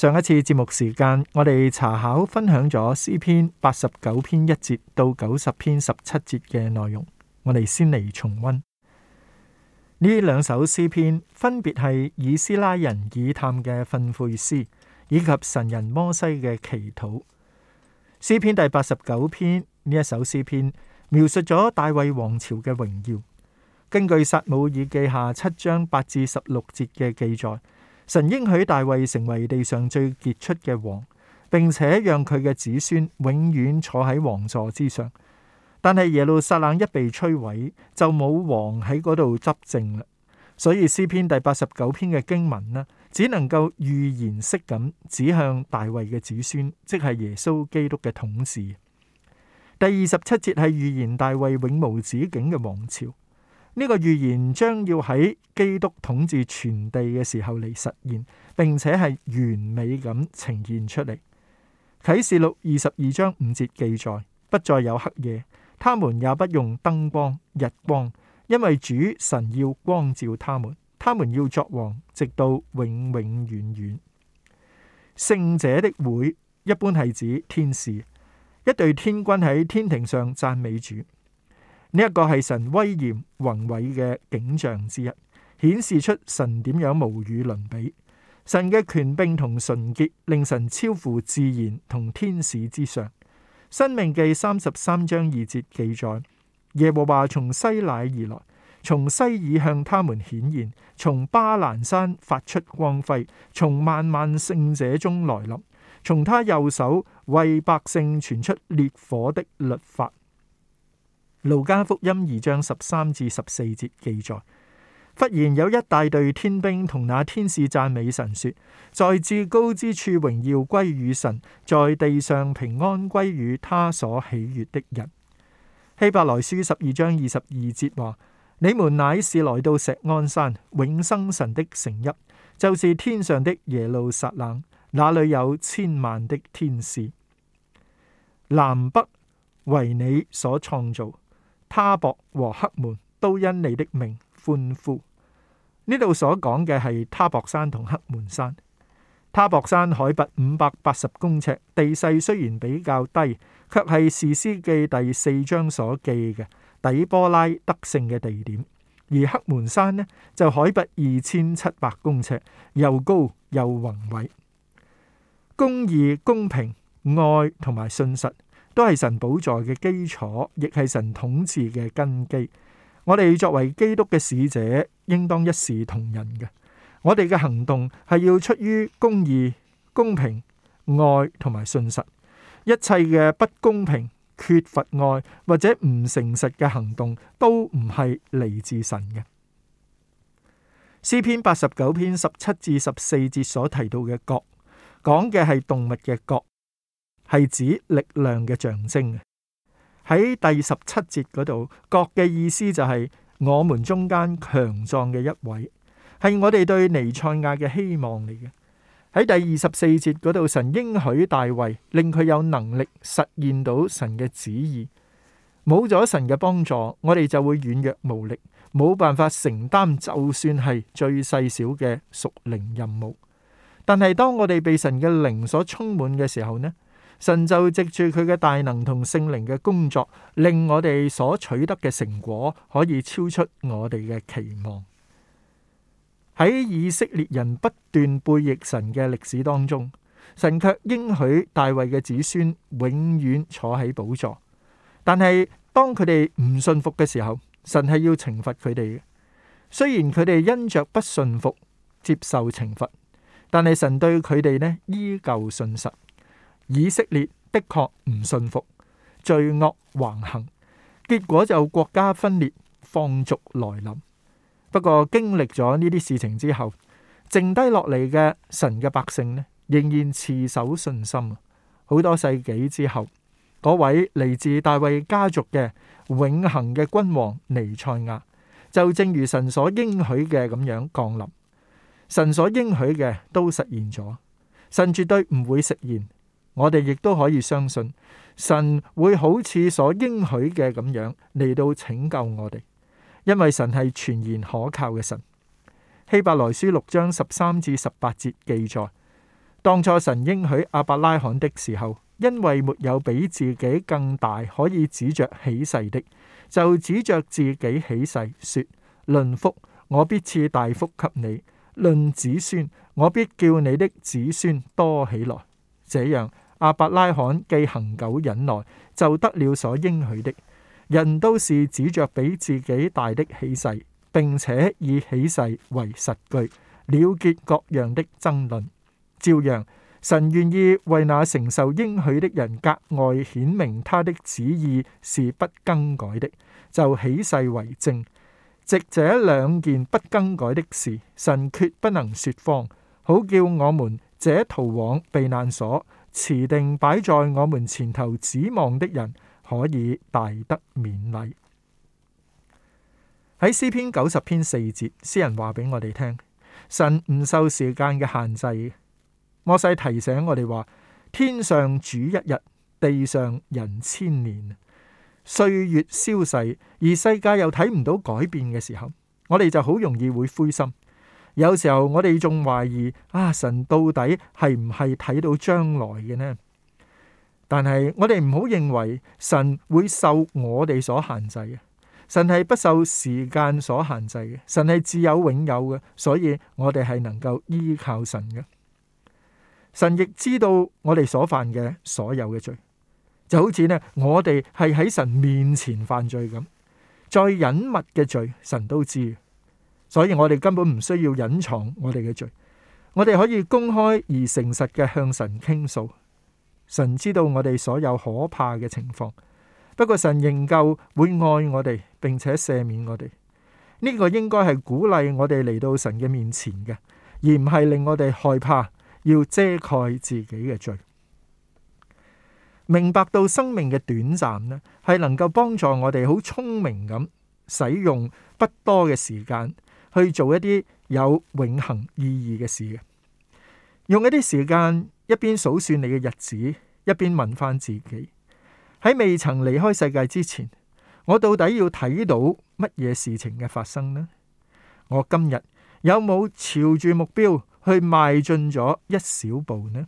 上一次節目時間，我哋查考分享咗詩篇八十九篇一節到九十篇十七節嘅內容，我哋先嚟重溫呢兩首詩篇，分別係以斯拉人以探嘅訓誨詩，以及神人摩西嘅祈禱。詩篇第八十九篇呢一首詩篇，描述咗大衛王朝嘅榮耀。根據撒母耳記下七章八至十六節嘅記載。神應許大衛成為地上最傑出嘅王，並且讓佢嘅子孫永遠坐喺王座之上。但係耶路撒冷一被摧毀，就冇王喺嗰度執政啦。所以詩篇第八十九篇嘅經文呢，只能夠預言式咁指向大衛嘅子孫，即係耶穌基督嘅統治。第二十七節係預言大衛永無止境嘅王朝。呢個預言將要喺基督統治全地嘅時候嚟實現，並且係完美咁呈現出嚟。啟示錄二十二章五節記載：不再有黑夜，他們也不用燈光、日光，因為主神要光照他們，他們要作王，直到永永遠遠。聖者的會一般係指天使，一隊天軍喺天庭上讚美主。呢一個係神威嚴宏偉嘅景象之一，顯示出神點樣無與倫比。神嘅權柄同純潔，令神超乎自然同天使之上。申命記三十三章二節記載：耶和華從西乃而來，從西珥向他們顯現，從巴蘭山發出光輝，從萬萬聖者中來臨，從他右手為百姓傳出烈火的律法。路加福音二章十三至十四節記載：忽然有一大隊天兵同那天使讚美神說，在至高之處榮耀歸與神，在地上平安歸與他所喜悦的人。希伯來書十二章二十二節話：你們乃是來到錫安山永生神的城邑，就是天上的耶路撒冷，那裏有千萬的天使，南北為你所創造。他泊和黑門都因你的名歡呼。呢度所講嘅係他泊山同黑門山。他泊山海拔五百八十公尺，地勢雖然比較低，却係士師記第四章所記嘅底波拉得勝嘅地點。而黑門山呢，就海拔二千七百公尺，又高又宏偉。公義、公平、愛同埋信實。都係神寶座嘅基礎，亦係神統治嘅根基。我哋作為基督嘅使者，應當一視同仁嘅。我哋嘅行動係要出於公義、公平、愛同埋信實。一切嘅不公平、缺乏愛或者唔誠實嘅行動，都唔係嚟自神嘅。詩篇八十九篇十七至十四節所提到嘅角，講嘅係動物嘅角。係指力量嘅象徵。喺第十七節嗰度，角嘅意思就係我們中間強壯嘅一位，係我哋對尼賽亞嘅希望嚟嘅。喺第二十四節嗰度，神應許大衛，令佢有能力實現到神嘅旨意。冇咗神嘅幫助，我哋就會軟弱無力，冇辦法承擔就算係最細小嘅屬靈任務。但係當我哋被神嘅靈所充滿嘅時候呢，神就藉住佢嘅大能同聖靈嘅工作，令我哋所取得嘅成果可以超出我哋嘅期望。喺以色列人不斷背逆神嘅歷史當中，神卻應許大衛嘅子孫永遠坐喺寶座。但係當佢哋唔信服嘅時候，神係要懲罰佢哋嘅。雖然佢哋因着不信服接受懲罰，但係神對佢哋呢，依舊信實。以色列的確唔信服，罪惡橫行，結果就國家分裂，放逐來臨。不過經歷咗呢啲事情之後，剩低落嚟嘅神嘅百姓呢，仍然持守信心。好多世紀之後，嗰位嚟自大衛家族嘅永恒嘅君王彌賽亞，就正如神所應許嘅咁樣降臨。神所應許嘅都實現咗，神絕對唔會食言。我哋亦都可以相信神會好似所應許嘅咁樣嚟到拯救我哋，因為神係全然可靠嘅神。希伯來書六章十三至十八節記載，當初神應許亞伯拉罕的時候，因為沒有比自己更大可以指着起誓的，就指着自己起誓說：論福，我必賜大福給你；論子孫，我必叫你的子孫多起來。這樣。阿伯拉罕既恆久忍耐，就得了所應許的。人都是指着比自己大的起誓，並且以起誓為實據，了結各樣的爭論。照樣，神願意為那承受應許的人格外顯明他的旨意是不更改的，就起誓為證。藉這兩件不更改的事，神決不能說謊，好叫我們這逃往避難所。持定擺在我們前頭指望的人，可以大得勉勵。喺詩篇九十篇四節，詩人話俾我哋聽：神唔受時間嘅限制。摩西提醒我哋話：天上主一日，地上人千年。歲月消逝，而世界又睇唔到改變嘅時候，我哋就好容易會灰心。有時候我哋仲懷疑啊，神到底係唔係睇到將來嘅呢？但係我哋唔好認為神會受我哋所限制嘅，神係不受時間所限制嘅，神係自有永有嘅，所以我哋係能夠依靠神嘅。神亦知道我哋所犯嘅所有嘅罪，就好似呢，我哋係喺神面前犯罪咁，再隱密嘅罪神都知。所以我哋根本唔需要隱藏我哋嘅罪，我哋可以公開而誠實嘅向神傾訴。神知道我哋所有可怕嘅情況，不過神仍舊會愛我哋，並且赦免我哋。呢個應該係鼓勵我哋嚟到神嘅面前嘅，而唔係令我哋害怕要遮蓋自己嘅罪。明白到生命嘅短暫呢，係能夠幫助我哋好聰明咁使用不多嘅時間。去做一啲有永恆意義嘅事嘅，用一啲時間一邊數算你嘅日子，一邊問返自己：喺未曾離開世界之前，我到底要睇到乜嘢事情嘅發生呢？我今日有冇朝住目標去邁進咗一小步呢？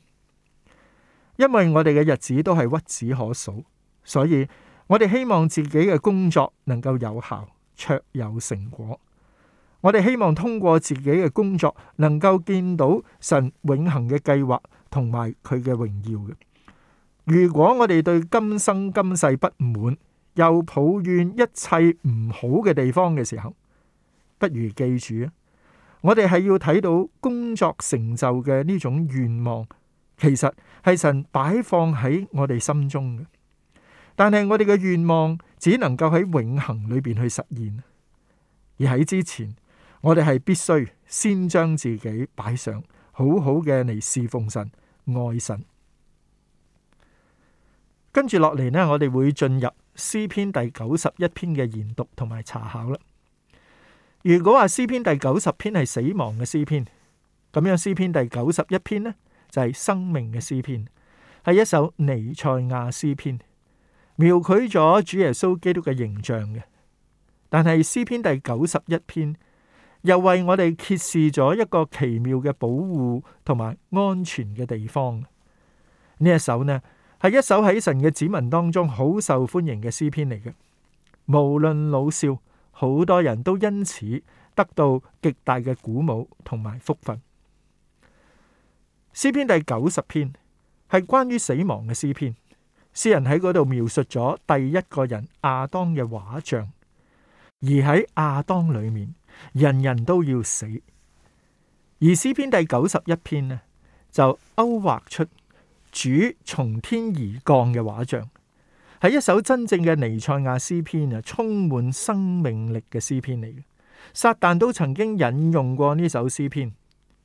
因為我哋嘅日子都係屈指可數，所以我哋希望自己嘅工作能夠有效、卓有成果。我哋希望通過自己嘅工作，能夠見到神永恒嘅計劃同埋佢嘅榮耀嘅。如果我哋對今生今世不滿，又抱怨一切唔好嘅地方嘅時候，不如記住啊！我哋係要睇到工作成就嘅呢種願望，其實係神擺放喺我哋心中嘅。但係我哋嘅願望只能夠喺永恒裏邊去實現，而喺之前。我哋係必須先將自己擺上，好好嘅嚟侍奉神、愛神。跟住落嚟呢，我哋會進入詩篇第九十一篇嘅研讀同埋查考啦。如果話詩篇第九十篇係死亡嘅詩篇，咁樣詩篇第九十一篇呢，就係生命嘅詩篇，係一首尼賽亞詩篇，描繪咗主耶穌基督嘅形象嘅。但係詩篇第九十一篇。又為我哋揭示咗一個奇妙嘅保護同埋安全嘅地方。呢一首呢係一首喺神嘅子民當中好受歡迎嘅詩篇嚟嘅，無論老少，好多人都因此得到極大嘅鼓舞同埋福分。詩篇第九十篇係關於死亡嘅詩篇，詩人喺嗰度描述咗第一個人亞當嘅畫像，而喺亞當裏面。人人都要死，而詩篇第九十一篇呢，就勾畫出主從天而降嘅畫像，係一首真正嘅彌賽亞詩篇啊，充滿生命力嘅詩篇嚟嘅。撒旦都曾經引用過呢首詩篇，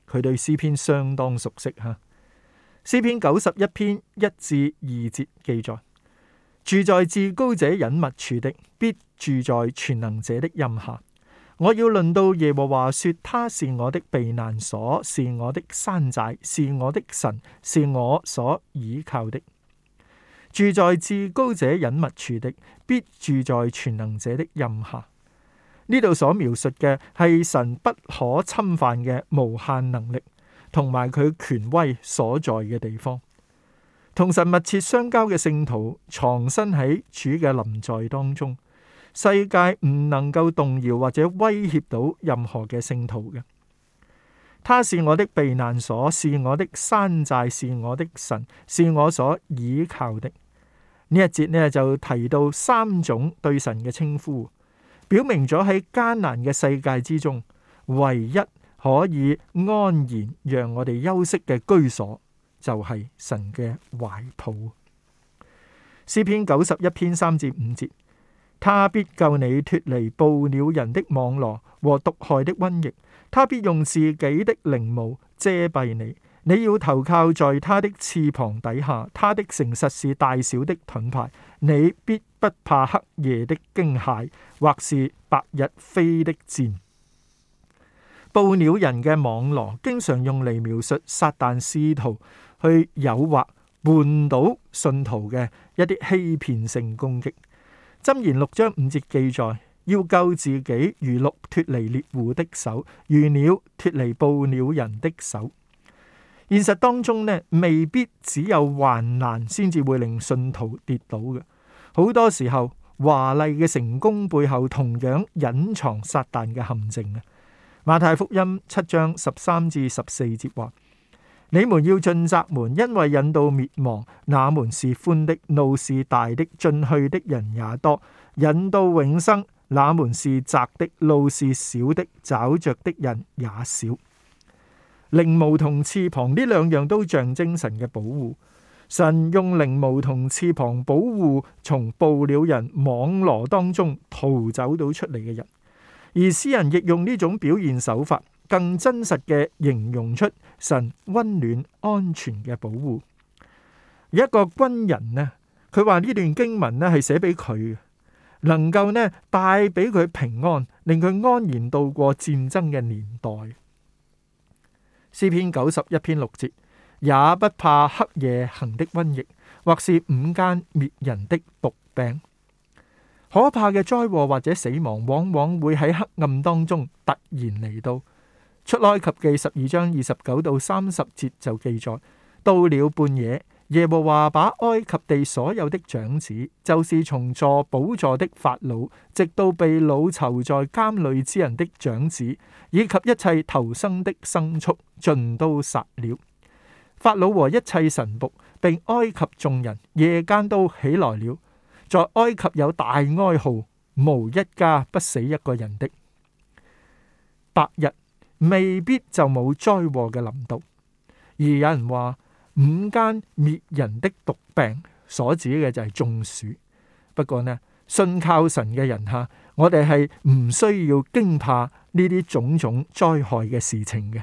佢對詩篇相當熟悉。吓，詩篇九十一篇一至二節記載：住在至高者隱密處的，必住在全能者的蔭下。我要論到耶和華說，他是我的避難所，是我的山寨，是我的神，是我所倚靠的。住在至高者隱密處的，必住在全能者的蔭下。呢度所描述嘅係神不可侵犯嘅無限能力，同埋佢權威所在嘅地方。同神密切相交嘅聖徒，藏身喺主嘅臨在當中。世界唔能夠動搖或者威脅到任何嘅聖徒。嘅，他是我的避難所，是我的山寨，是我的神，是我所倚靠的。呢一節呢，就提到三種對神嘅稱呼，表明咗喺艱難嘅世界之中，唯一可以安然讓我哋休息嘅居所就係、是、神嘅懷抱。詩篇九十一篇三至五節。他必救你脫離捕鳥人的網羅和毒害的瘟疫，他必用自己的翎毛遮蔽你，你要投靠在他的翅膀底下。他的誠實是大小的盾牌，你必不怕黑夜的驚駭，或是白日飛的箭。捕鳥人嘅網羅經常用嚟描述撒旦試圖去誘惑、絆倒信徒嘅一啲欺騙性攻擊。箴言六章五節記載：要救自己，如鹿脫離獵戶的手，如鳥脫離捕鳥人的手。現實當中呢，未必只有患難先至會令信徒跌倒嘅，好多時候華麗嘅成功背後同樣隱藏撒旦嘅陷阱啊！馬太福音七章十三至十四節話：你們要進窄門，因為引到滅亡。那門是寬的，路是大的，進去的人也多；引到永生，那門是窄的，路是小的，找着的人也少。翎毛同翅膀呢兩樣都象徵神嘅保護，神用翎毛同翅膀保護從捕鳥人網羅當中逃走到出嚟嘅人，而詩人亦用呢種表現手法。更真實嘅形容出神溫暖安全嘅保護。有一個軍人呢，佢話呢段經文呢係寫俾佢，能夠呢帶俾佢平安，令佢安然度過戰爭嘅年代。詩篇九十一篇六節，也不怕黑夜行的瘟疫，或是午間滅人的毒病。可怕嘅災禍或者死亡，往往會喺黑暗當中突然嚟到。出埃及記十二章二十九到三十節就記載：到了半夜，耶和華把埃及地所有的長子，就是從坐寶座的法老，直到被擄囚在監裏之人的長子，以及一切投生的牲畜，盡都殺了。法老和一切臣僕，並埃及眾人夜間都起來了，在埃及有大哀號，無一家不死一個人的。白日。未必就冇災禍嘅臨到，而有人話午間滅人的毒病所指嘅就係中暑。不過呢，信靠神嘅人吓，我哋係唔需要驚怕呢啲種種災害嘅事情嘅。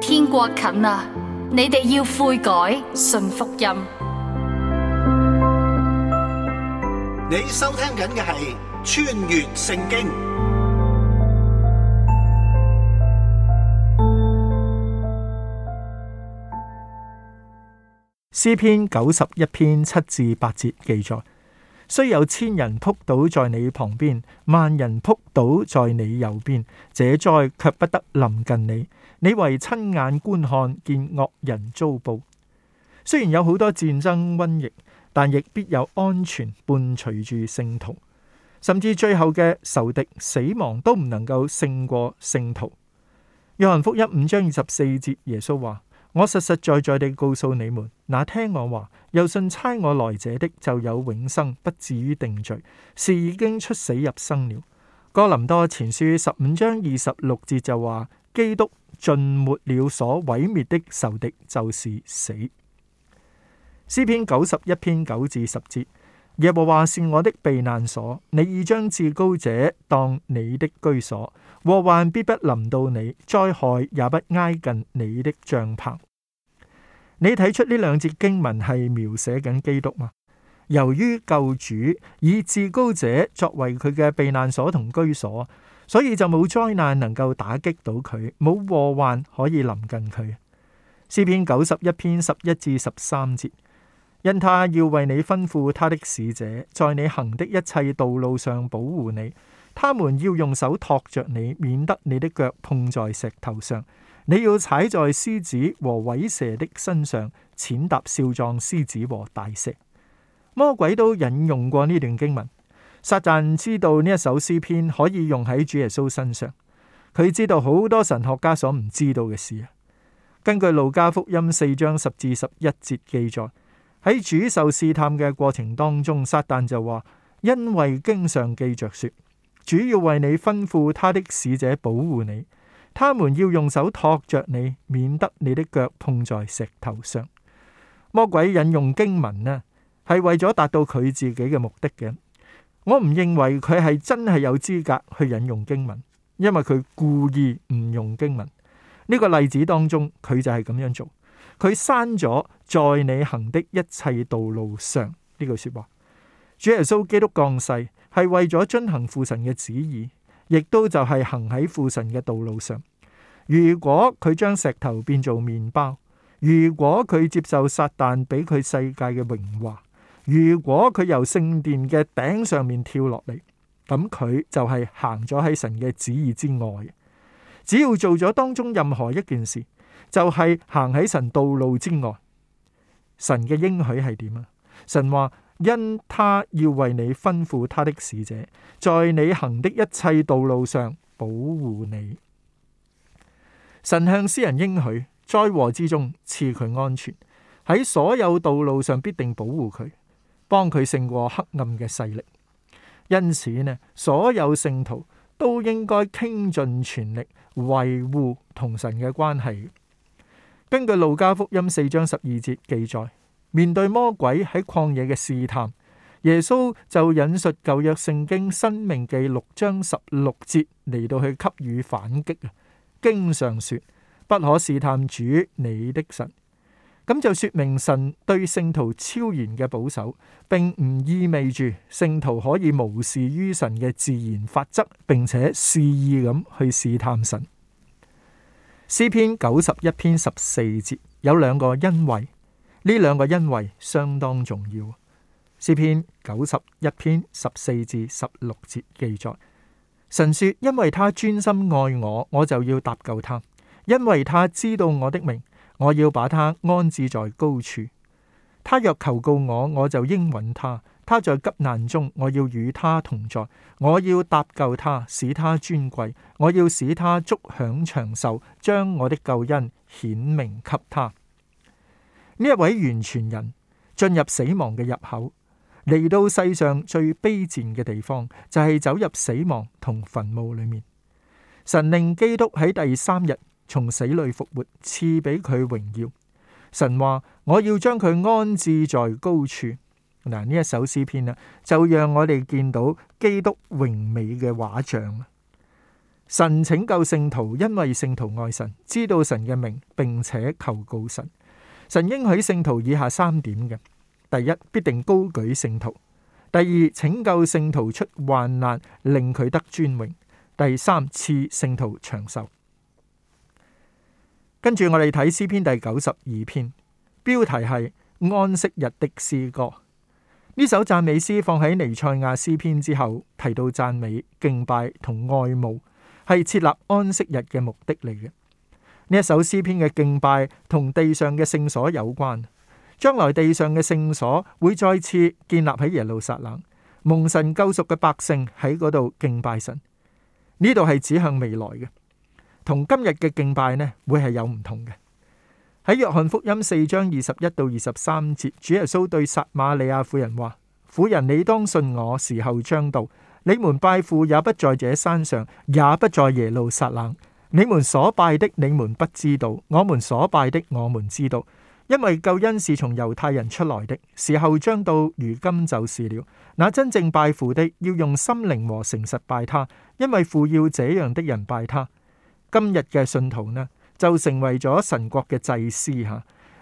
天國近啦，你哋要悔改信福音。你收聽緊嘅係穿越聖經。詩篇九十一篇七至八節記載：雖有千人扑倒在你旁邊，萬人扑倒在你右邊，這災卻不得臨近你。你為親眼觀看，見惡人遭報。雖然有好多戰爭瘟疫，但亦必有安全伴隨住聖徒。甚至最後嘅仇敵死亡都唔能夠勝過聖徒。約翰福音五章二十四節，耶穌話。我實實在在地告訴你們，那聽我話又信差我來者的，就有永生，不至於定罪，是已經出死入生了。哥林多前書十五章二十六節就話：基督盡沒了所毀滅的仇敵，就是死。詩篇九十一篇九至十節。耶和華是我的避難所，你已將至高者當你的居所，禍患必不臨到你，災害也不挨近你的帳篷。你睇出呢兩節經文係描寫緊基督嗎？由於救主以至高者作為佢嘅避難所同居所，所以就冇災難能夠打擊到佢，冇禍患可以臨近佢。詩篇九十一篇十一至十三節。因他要為你吩咐他的使者，在你行的一切道路上保護你，他們要用手托着你，免得你的腳碰在石頭上。你要踩在獅子和虺蛇的身上，踐踏少壯獅子和大蛇。魔鬼都引用過呢段經文。撒旦知道呢一首詩篇可以用喺主耶穌身上，佢知道好多神學家所唔知道嘅事。根據路加福音四章十至十一節記載。喺主受試探嘅過程當中，撒但就話：因為經常記着說，主要為你吩咐他的使者保護你，他們要用手托着你，免得你的腳碰在石頭上。魔鬼引用經文呢，係為咗達到佢自己嘅目的嘅。我唔認為佢係真係有資格去引用經文，因為佢故意唔用經文。呢、這個例子當中，佢就係咁樣做。佢刪咗「在你行的一切道路上」呢句說話。主耶穌基督降世係為咗遵行父神嘅旨意，亦都就係行喺父神嘅道路上。如果佢將石頭變做麵包，如果佢接受撒旦俾佢世界嘅榮華，如果佢由聖殿嘅頂上面跳落嚟，咁佢就係行咗喺神嘅旨意之外。只要做咗當中任何一件事。就係行喺神道路之外，神嘅應許係點啊？神話因他要為你吩咐他的使者，在你行的一切道路上保護你。神向詩人應許，災禍之中賜佢安全，喺所有道路上必定保護佢，幫佢勝過黑暗嘅勢力。因此呢，所有聖徒都應該傾盡全力維護同神嘅關係。根據路加福音四章十二節記載，面對魔鬼喺曠野嘅試探，耶穌就引述舊約聖經申命記六章十六節嚟到去給予反擊啊。經上說：不可試探主你的神。咁就說明神對聖徒超然嘅保守，並唔意味住聖徒可以無視於神嘅自然法則，並且肆意咁去試探神。詩篇九十一篇十四節有兩個因為，呢兩個因為相當重要。詩篇九十一篇十四至十六節記載，神說：因為他專心愛我，我就要搭救他；因為他知道我的名，我要把他安置在高處。他若求告我，我就應允他。他在急難中，我要與他同在，我要搭救他，使他尊貴，我要使他足享長壽，將我的救恩顯明給他。呢一位完全人進入死亡嘅入口，嚟到世上最卑賤嘅地方，就係走入死亡同墳墓裏面。神令基督喺第三日從死裏復活，賜俾佢榮耀。神話我要將佢安置在高處。嗱，呢一首詩篇啦，就讓我哋見到基督榮美嘅畫像。神拯救聖徒，因為聖徒愛神，知道神嘅名，並且求告神。神應許聖徒以下三點嘅：第一，必定高舉聖徒；第二，拯救聖徒出患難，令佢得尊榮；第三，賜聖徒長壽。跟住我哋睇詩篇第九十二篇，標題係安息日的詩歌。呢首讚美詩放喺尼塞亞詩篇之後，提到讚美、敬拜同愛慕，係設立安息日嘅目的嚟嘅。呢一首詩篇嘅敬拜同地上嘅聖所有關，將來地上嘅聖所會再次建立喺耶路撒冷，蒙神救贖嘅百姓喺嗰度敬拜神。呢度係指向未來嘅，同今日嘅敬拜呢，會係有唔同嘅。喺約翰福音四章二十一到二十三節，主耶穌對撒瑪利亞婦人話：婦人，你當信我，時候將到，你們拜父也不在這山上，也不在耶路撒冷。你們所拜的，你們不知道；我們所拜的，我們知道，因為救恩是從猶太人出來的。時候將到，如今就是了。那真正拜父的，要用心靈和誠實拜他，因為父要這樣的人拜他。今日嘅信徒呢？就成為咗神國嘅祭司吓，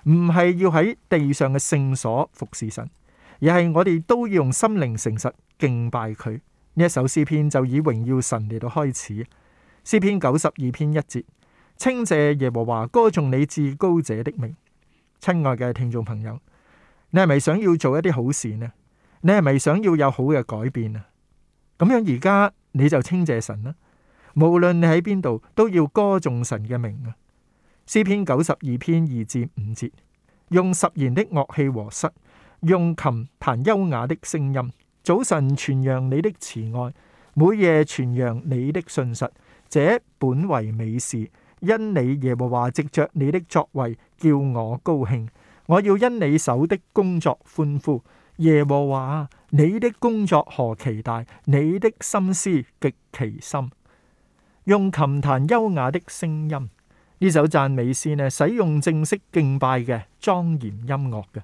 唔係要喺地上嘅聖所服侍神，而係我哋都要用心靈誠實敬拜佢。呢一首詩篇就以榮耀神嚟到開始。詩篇九十二篇一節，稱謝耶和華，歌頌你至高者的名。親愛嘅聽眾朋友，你係咪想要做一啲好事呢？你係咪想要有好嘅改變啊？咁樣而家你就稱謝神啦，無論你喺邊度都要歌頌神嘅名啊！詩篇九十二篇二至五節，用十弦的樂器和瑟，用琴彈優雅的聲音。早晨傳揚你的慈愛，每夜傳揚你的信實。這本爲美事，因你耶和華藉着你的作爲叫我高興。我要因你手的工作歡呼。耶和華，你的工作何其大，你的心思極其深。用琴彈優雅的聲音。呢首讚美詩呢，使用正式敬拜嘅莊嚴音樂嘅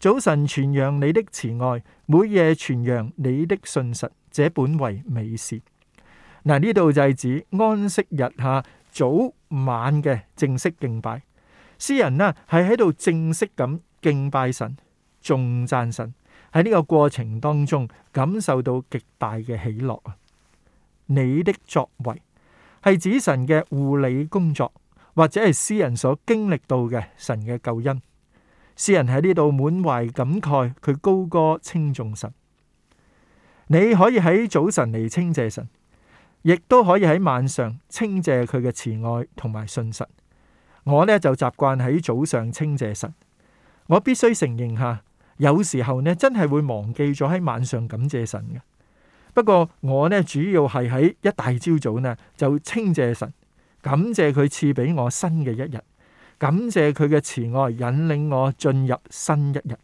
早晨傳揚你的慈愛，每夜傳揚你的信實，這本為美事。嗱、啊，呢度就係指安息日下早晚嘅正式敬拜。詩人呢係喺度正式咁敬拜神，仲讚神喺呢個過程當中感受到極大嘅喜樂啊！你的作為係指神嘅護理工作。或者係詩人所經歷到嘅神嘅救恩，詩人喺呢度滿懷感慨，佢高歌稱頌神。你可以喺早晨嚟稱謝神，亦都可以喺晚上稱謝佢嘅慈愛同埋信實。我呢就習慣喺早上稱謝神。我必須承認下，有時候呢真係會忘記咗喺晚上感謝神嘅。不過我呢主要係喺一大朝早呢就稱謝神。感謝佢賜俾我新嘅一日，感謝佢嘅慈愛引領我進入新一日。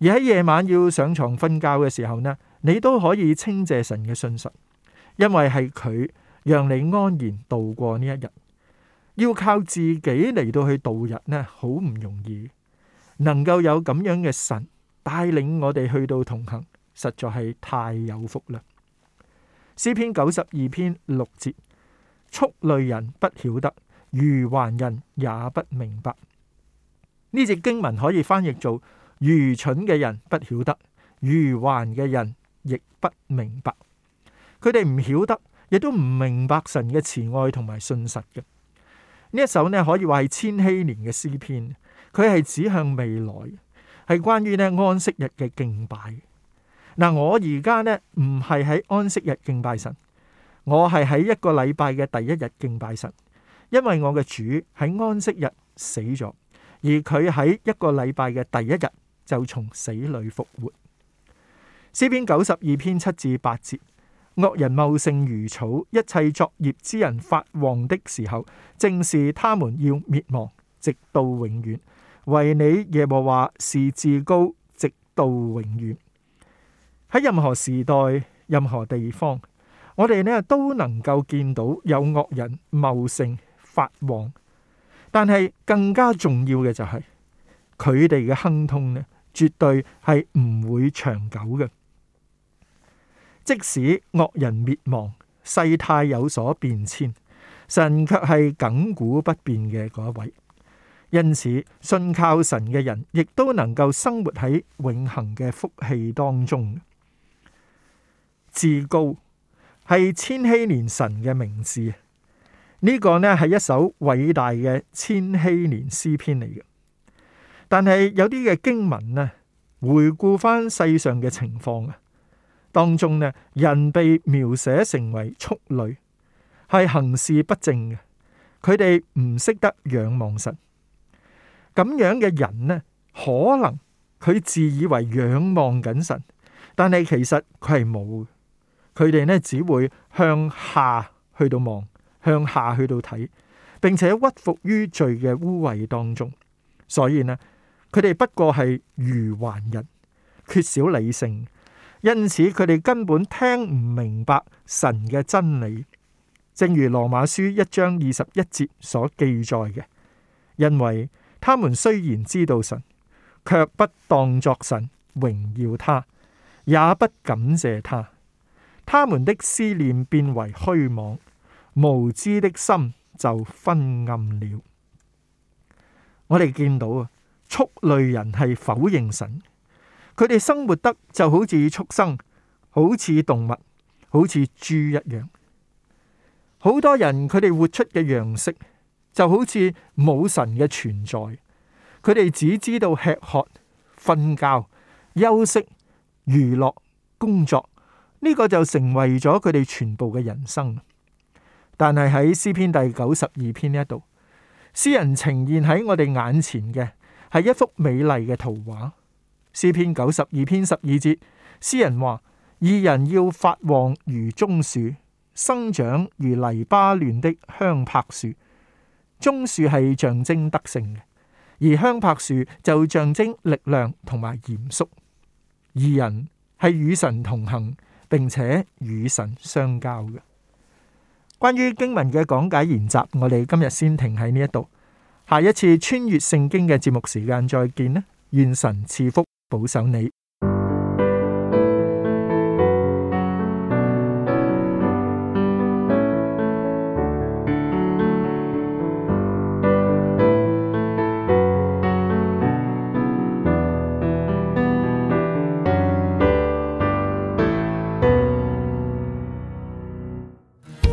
而喺夜晚要上床瞓覺嘅時候呢，你都可以稱謝神嘅信實，因為係佢讓你安然度過呢一日。要靠自己嚟到去度日呢，好唔容易。能夠有咁樣嘅神帶領我哋去到同行，實在係太有福啦。詩篇九十二篇六節。畜類人不曉得，愚頑人也不明白。呢隻經文可以翻譯做，愚蠢嘅人不曉得，愚頑嘅人亦不明白。佢哋唔曉得，亦都唔明白神嘅慈愛同埋信實嘅。呢一首咧可以話係千禧年嘅詩篇，佢係指向未來，係關於咧安息日嘅敬拜。嗱，我而家咧唔係喺安息日敬拜神。我係喺一個禮拜嘅第一日敬拜神，因為我嘅主喺安息日死咗，而佢喺一個禮拜嘅第一日就從死裏復活。詩篇九十二篇七至八節：惡人茂盛如草，一切作孽之人發旺的時候，正是他們要滅亡，直到永遠。惟你耶和華是至高，直到永遠。喺任何時代、任何地方。我哋呢，都能夠見到有惡人茂盛發旺，但係更加重要嘅就係佢哋嘅亨通呢，絕對係唔會長久嘅。即使惡人滅亡，世態有所變遷，神卻係亘古不變嘅嗰一位。因此，信靠神嘅人亦都能夠生活喺永恆嘅福氣當中，至高。係千禧年神嘅名字，呢、這個呢係一首偉大嘅千禧年詩篇嚟嘅。但係有啲嘅經文呢，回顧翻世上嘅情況啊，當中呢，人被描寫成為畜類，係行事不正嘅，佢哋唔識得仰望神。咁樣嘅人呢，可能佢自以為仰望緊神，但係其實佢係冇。佢哋呢，只會向下去到望，向下去到睇，並且屈服於罪嘅污穢當中。所以呢，佢哋不過係愚頑人，缺少理性，因此佢哋根本聽唔明白神嘅真理。正如《羅馬書》一章二十一節所記載嘅，因為他們雖然知道神，卻不當作神榮耀他，也不感謝他。他們的思念變為虛妄，無知的心就昏暗了。我哋見到啊，畜類人係否認神，佢哋生活得就好似畜生，好似動物，好似豬一樣。好多人佢哋活出嘅樣式就好似冇神嘅存在，佢哋只知道吃喝、瞓覺、休息、娛樂、工作。呢個就成為咗佢哋全部嘅人生。但係喺詩篇第九十二篇呢一度，詩人呈現喺我哋眼前嘅係一幅美麗嘅圖畫。詩篇九十二篇十二節，詩人話：義人要發旺如棕樹，生長如黎巴嫩的香柏樹。棕樹係象徵德性嘅，而香柏樹就象徵力量同埋嚴肅。義人係與神同行。並且與神相交嘅。關於經文嘅講解研習，我哋今日先停喺呢一度。下一次穿越聖經嘅節目時間再見呢。願神賜福保守你。